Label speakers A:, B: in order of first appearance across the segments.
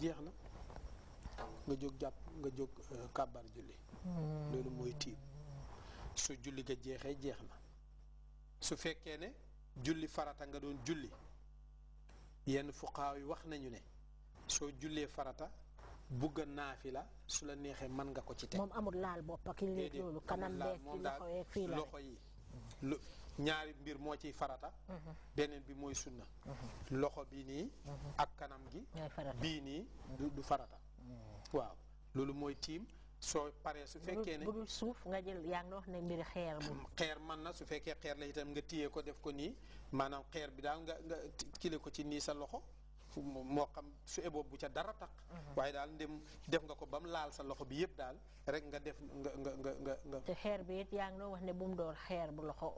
A: jeex na nga jóg jàpp nga jóg euh, kàbbar julli hmm. loolu mooy tiim su julli ga jeexee jeex na su fekkee ne julli farata nga doon julli yenn fuqaaw yi wax nañu ne soo jullee farata bugg a naafi la su la neexee mën nga ko
B: ci teg moom amul laal bopp ak loolu kanam beeg loxo yi
A: ñaari mbir moo ciy farata beneen bi mooy sunna loxo bi nii ak kanam gi bii nii du farata waaw loolu mooy tiim soo paree su fekkee ne bu dul
B: suuf nga jël yaa ngi wax xeer bu
A: mm, na su fekkee xeer la itam nga téye ko def ko nii maanaam xeer bi daal nga nga kile ko ci nii sa loxo moo xam su eboo bu ca dara tax mm-hmm. waaye daal ndem def nga ko ba laal sa loxo bi yëpp daal rek nga def
B: nga xeer bi it yaa ngi doon wax ne bu mu door xeer bu loxo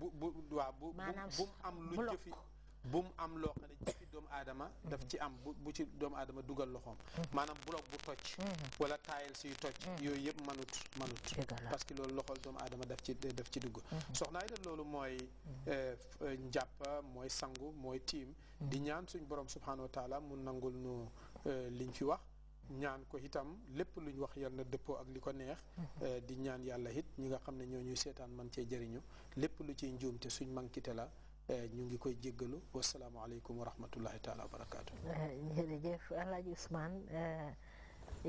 A: bu bu waa bu bu mu am lu jëfi bu mu am loo xam ne jëfi doomu aadama daf ci am bu bu ci doomu aadama dugal loxoom mm-hmm. maanaam bloc bu toj mm-hmm. wala taayel siy toj mm-hmm. yooyu yëpp manut manut parce que loolu loxol doomu aadama daf ci daf ci dugg soxnaay da loolu mooy euh, euh, njàpp mooy sangu mooy tiim di ñaan suñ borom subhanahu wa taala mu nangul nu euh, liñ fi wax ñaan ko itam lépp luñ wax yal na dëppoo ak li ko neex mhm. euh, di ñaan yàlla it ñi nga xam ne ñoo ñuy seetaan man cee jëriñu lépp lu ciy njuum te suñ mankite la euh, ñu ngi koy jéggalu wasalaamualeykum wa rahmatullahi taala wa barakaatu
B: euh, jërëjëf Alaaji Ousmane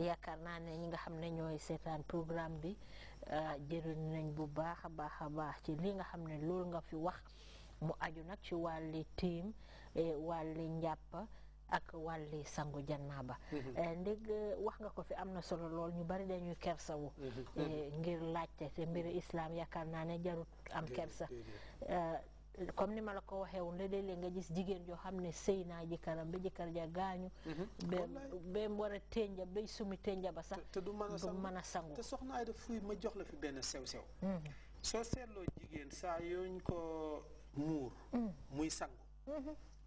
B: yaakaar naa ne ñi nga xam ne ñooy seetaan programme bi jëriñ nañ bu baax a baax a baax ci li nga xam ne loolu nga fi wax mu aju nag ci wàlli tiim wàlli njàppa ak wàlli sangu ba mhm. eh, ndég wax nga ko fi am na solo lool ñu bari dañuy kersawu mhm. eh, ngir laajte te mbiri islaam yaakaar naa ne jarut am kersa eh, comme ni ma la ko waxee woon léeg-léeg nga gis jigéen joo xam ne sëy naa jëkkëram ba jëkkër ja gaañu mhm. ba mu war a ténja bay sumi ténja ba sax te du mën a sangu te soxna ay fuy ma jox la fi benn sew sew soo seetloo
A: jigéen saa yooñ ko muur muy sangu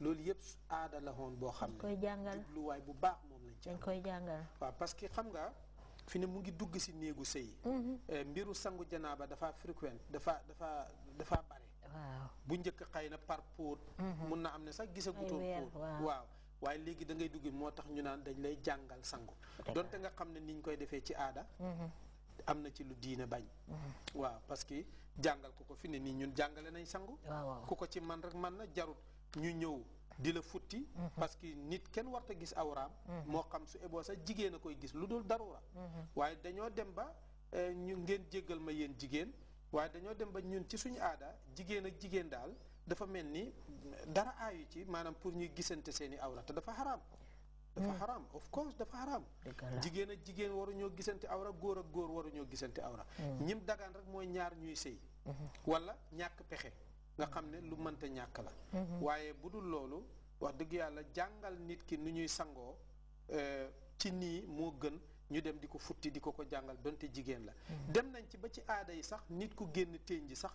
A: loolu yëpp aada la woon boo xam ne koy jàngal jubluwaay bu baax moom
B: lañ ci dañ koy jàngal
A: waaw parce que xam nga fi ne mu ngi dugg si néegu sëy mm-hmm. eh, mbiru sangu janaaba dafa fréquent dafa dafa dafa bare waaw bu njëkk xëy na par póot mm-hmm. mun na am ne sax gisagutoon póot waaw waaye léegi da ngay dugg moo tax ñu naan dañ lay jàngal sangu donte nga xam ne niñ koy defee ci aada mm-hmm. am na ci lu diine bañ waaw parce que jàngal ko ko fi ne nii ñu jàngale nañ sangu ku ko ci man rek man na jarut ñu ñëw di la futti mhm. parce que nit kenn warta gis awraam mhm. moo xam su eboo sax jigéen a koy gis lu dul darura mhm. waaye dañoo dem ba eh, ñu ngeen jéggal ma yéen jigéen waaye dañoo dem ba ñun ci suñu aada jigéen ak jigéen daal dafa mel ni dara aayu ci maanaam pour ñuy gisante seeni awra te dafa xaraam dafa xaraam of course dafa xaraam jigéen ak jigéen waruñoo gisante awra góor ak góor waruñoo gisante awra ñim dagaan rek mooy ñaar ñuy sëy wala ñàkk pexe nga xam ne lu mënta ñàkk la mm-hmm. waaye bu dul loolu wax dëgg yàlla jàngal nit ki nu ñuy sangoo euh, ci nii moo gën ñu dem di ko futti di ko ko jàngal donte jigéen la mm-hmm. dem nañ ci ba ci aada yi sax nit ku génn téeñ ji sax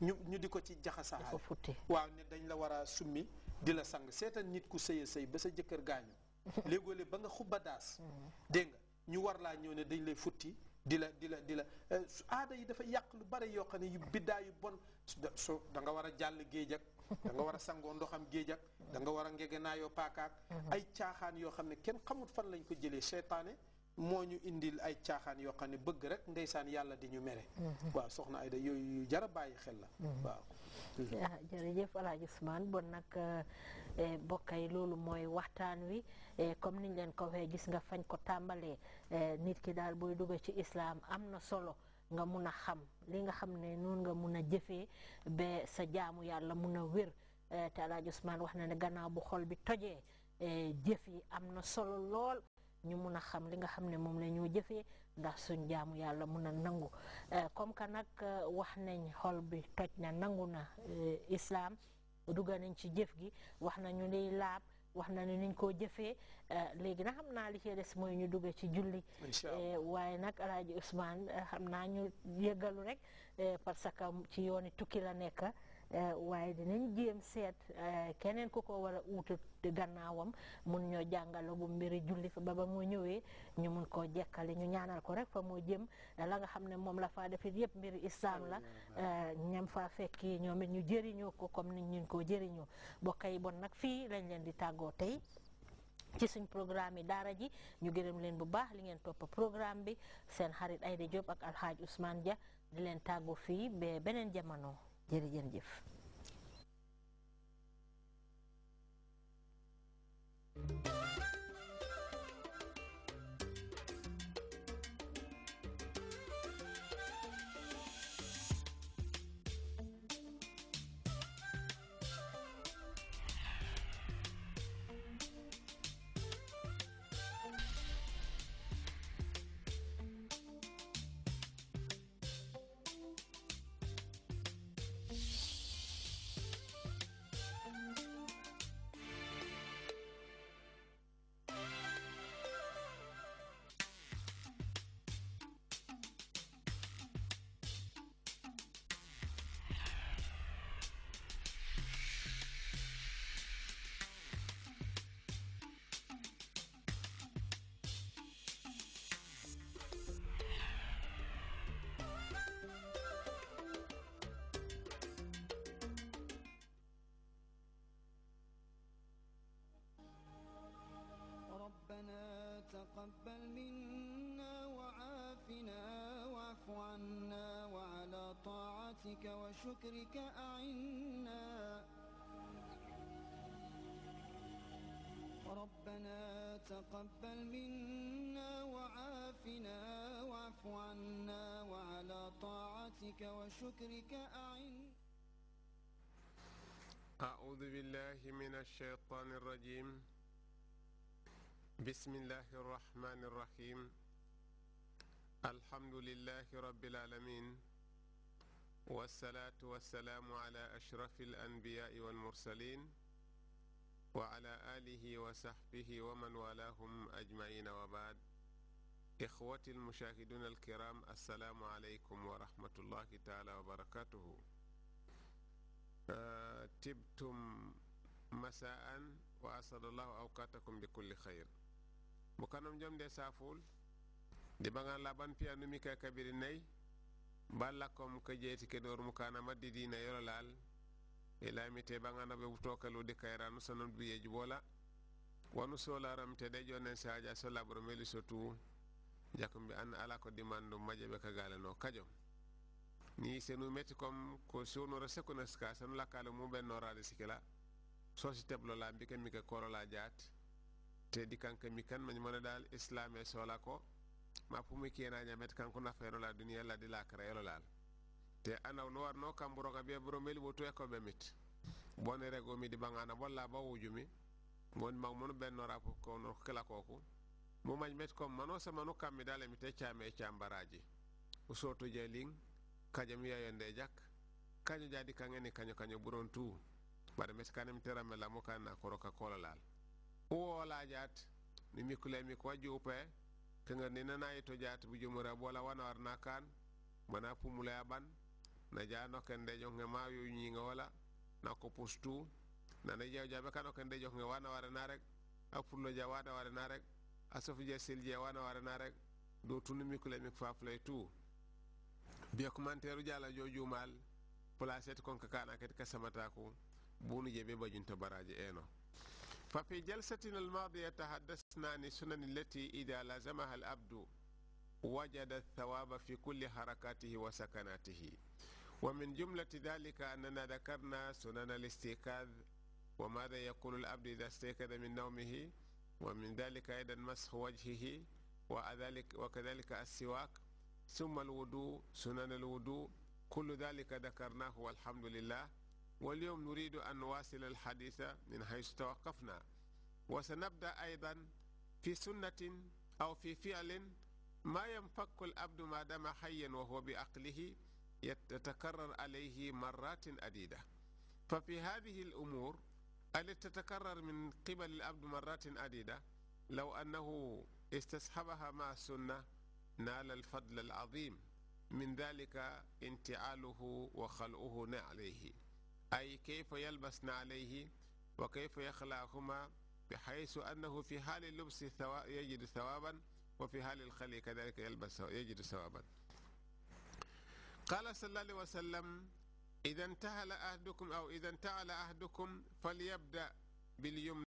A: ñu ñu di ko ci jaxasaxaale waaw ne dañ la war a summi di la sang seetal nit ku sëya sëy ba sa jëkkër gaañu léegoo ba nga xubba daas mm-hmm. dégg ñu war laa ñëw ne dañ lay futti di la di la di la eh, aada yi dafa yàq lu bare yoo xam ne yu biddaa yu bon su da nga war a jàll géej ak war a sangoo ndoxam géej danga war a ngegenaayoo paakaak mm-hmm. ay caaxaan yoo xam ne kenn xamut fan lañ ko jëlee seytaane moo ñu indil ay caaxaan yoo xam ne bëgg rek ndeysaan yàlla di ñu mere mm-hmm. waaw soxna Ayda yooyu yu jara bàyyi xel la mm-hmm. waaw ah,
B: jërëjëf Alaaji Ousmane bon nag euh, Eh, yi loolu mooy waxtaan wi eh, comme niñ leen ko waxee gis nga fañ ko tàmbalee eh, nit ki daal booy dugg ci islaam am na solo nga mun a xam li nga xam ne noonu nga mun a jëfee ba sa jaamu yàlla mun a wér te Alaaji wax na ne gannaaw bu xol bi tojee jëf yi am na solo lool ñu mun a xam li nga xam ne moom la ñu jëfee ndax suñ jaamu yàlla mun a nangu comme que nag wax nañ xol bi toj na nangu na islaam dugga nañ ci jëf gi wax nañu liy laab wax nañu niñ ko jëfee eh, léegi nag xam naa li ci des mooy ñu dugg ci julli eh, waaye nag alaaji Ousmane eh, xam naa ñu yëggalu rek parce que ci yooni tukki la nekk Eh, waaye dinañ jéem seet eh, keneen ku ko war a uutu gannaawam mun ñoo jàngale bu mbiri julli ba ba moo ñëwee ñu mun koo jekkale ñu ñaanal ko rek fa moo jëm eh, la nga xam ne moom la faa defit yëpp mbiri islaam la ñam faa fekki ñoom it ñu jëriñoo ko comme ni ñun koo jëriñoo bokk yi bon nag fii lañ leen di tàggoo tey ci suñ programme yi daara ji ñu gërëm leen bu baax li ngeen toppa programme bi seen xarit Aida Diop ak alxaaj Ousmane Dia di leen tàggu fii ba beneen jamono. jërë ngeen jëf thank you
C: واعف عنا وعلى طاعتك وشكرك أعنا ربنا تقبل منا وعافنا واعف عنا وعلى طاعتك وشكرك
B: أعنا
C: أعوذ بالله من الشيطان الرجيم بسم الله الرحمن الرحيم الحمد لله رب العالمين والصلاة والسلام على أشرف الأنبياء والمرسلين وعلى آله وصحبه ومن والاهم أجمعين وبعد إخوتي المشاهدون الكرام السلام عليكم ورحمة الله تعالى وبركاته آه، تبتم مساء وأسأل الله أوقاتكم بكل خير مكانم جمدي سافول ndi ɓagan laban piyanumi ka kabiri nayi balla kom ka jeeti ke ɗoor mukana maddi dina yololal e laamite ɓagana ɓe tokalude kayranu sonon biyeji bola wonu solaramte ɗe jonen sahaja so labro meli so tu jakombe an ala ko dimandu maje ɓe kagaleno kajom ni senu metti kom ko sonora sekoneska senu lakkale mumen norade sikila sosi teblola mbike mike korola jaat te dikanke mi kan mañi mona dal islam e sola ko ma pumi kiena ñamet kanko nafeno la duniya la di lakra yelo lal te anaw no warno kamburo ga biya buro meli wotu eko bemit bone rego mi di bangana bolla ba wujumi mon mag mon benno rapo ko no kala koku mu mañ met ko mano sa manu kammi dale mi te chaame e chambaraji usoto je ling kajam ya yende jak kanyo jadi kangeni kanyo kanyo buron tu bar mes kanem teramela mo kana koroka kola lal o la jat ni mi kulemi ko jupe kenga ninana ito jati bujumura bola wana warna kan mana pumulaya ban na jano kende jonge yu nyinga wala na ko pustu na ne jaw jabe kano kende jonge wana warna rek apullo jawada warna rek asofu je silje wana warna rek do tunu mikule mik faflay tu biya kumanteru jala jojumal placet kon kakana ket kasamata ko bunu jebe bajunta baraje eno ففي جلستنا الماضية تحدثنا عن السنن التي إذا لازمها الأبد وجد الثواب في كل حركاته وسكناته ومن جملة ذلك أننا ذكرنا سنن الاستيقاظ وماذا يقول الأبد إذا استيقظ من نومه ومن ذلك أيضا مسح وجهه وذلك وكذلك السواك ثم الوضوء سنن الوضوء كل ذلك ذكرناه والحمد لله واليوم نريد أن نواصل الحديث من حيث توقفنا وسنبدأ أيضا في سنة أو في فعل ما ينفك الأبد ما دام حيا وهو بأقله يتكرر عليه مرات عديدة ففي هذه الأمور التي تتكرر من قبل الأبد مرات عديدة لو أنه استصحبها مع السنة نال الفضل العظيم من ذلك انتعاله وخلؤه عليه أي كيف يلبسن عليه وكيف يخلعهما بحيث أنه في حال اللبس يجد ثوابا وفي حال الخلي كذلك يلبس يجد ثوابا قال صلى الله عليه وسلم إذا انتهى أحدكم أو إذا انتهى أحدكم فليبدأ باليمنى